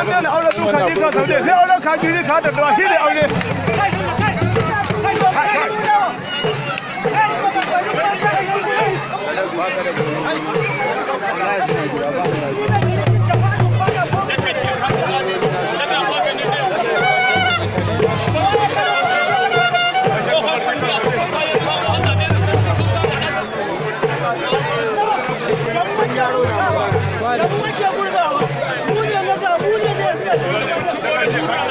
Wannan auren duka ne ka sauje sai auren ka jiri ka da shi ne aure. Yaro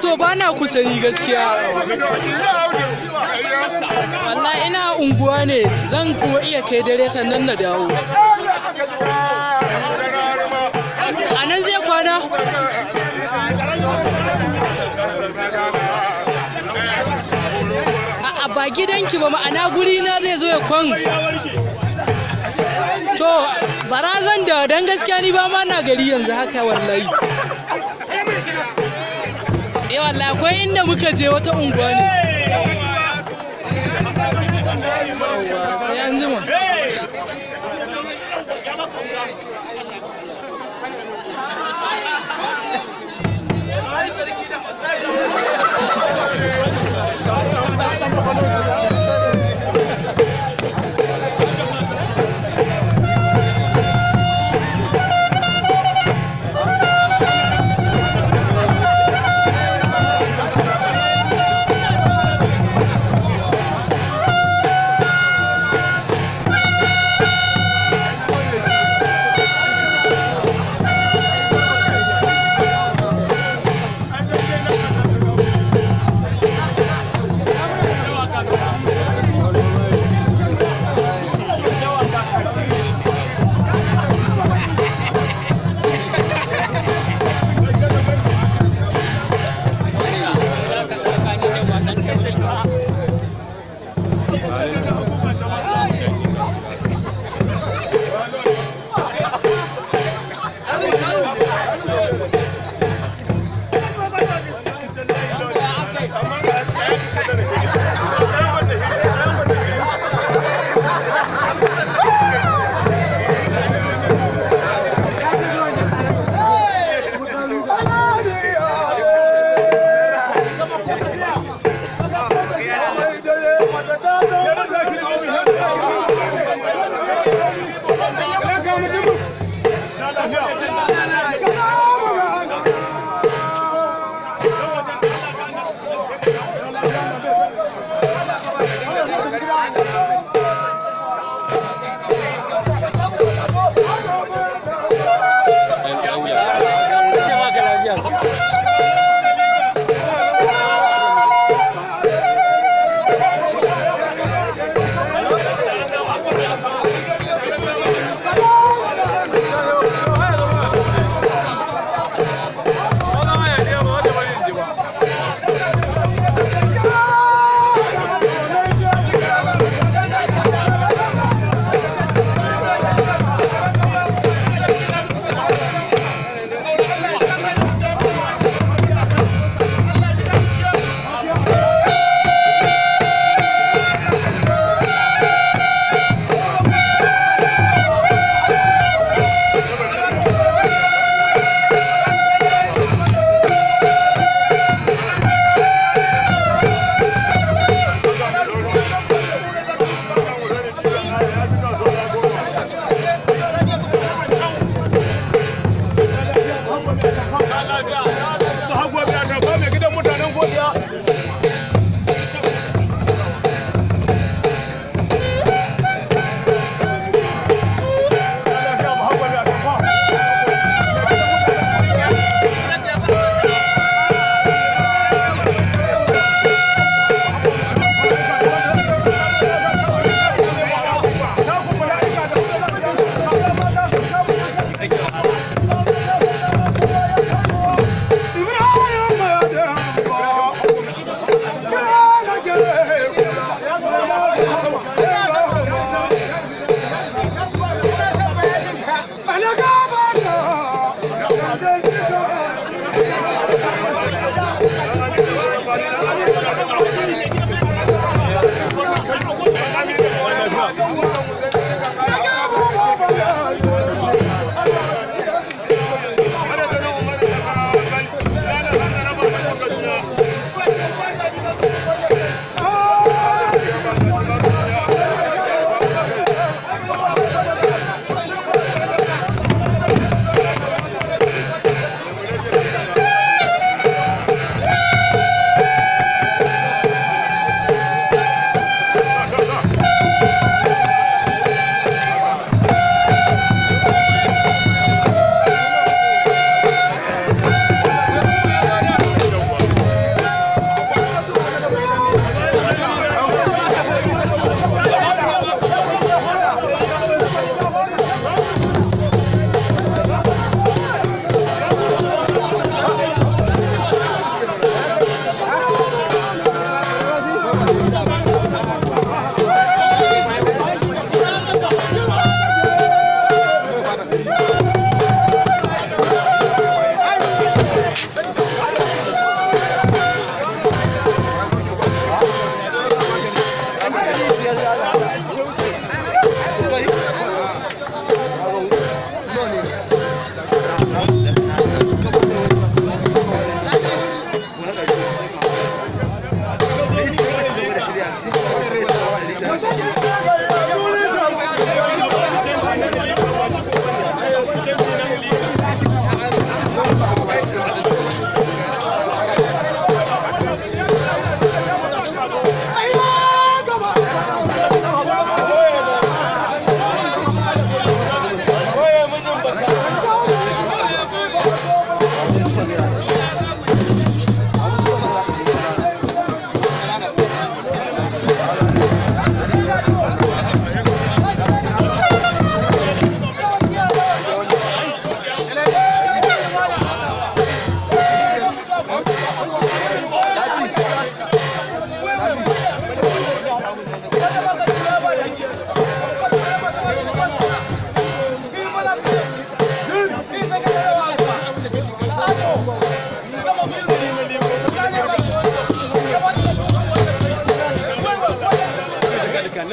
to ba na kusa ni gaskiya. Allah ina unguwa ne zan kuma iya kai dare sannan na dawo. A nan zai kwana? A ba gidanki ba ma'ana guri na zai zo ya kwan. To, bara da dan gaskiya ni ba ma na gari yanzu haka wallahi. eh wallahi akwai inda muka je wata unguwa ne sai an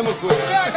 mesma coisa.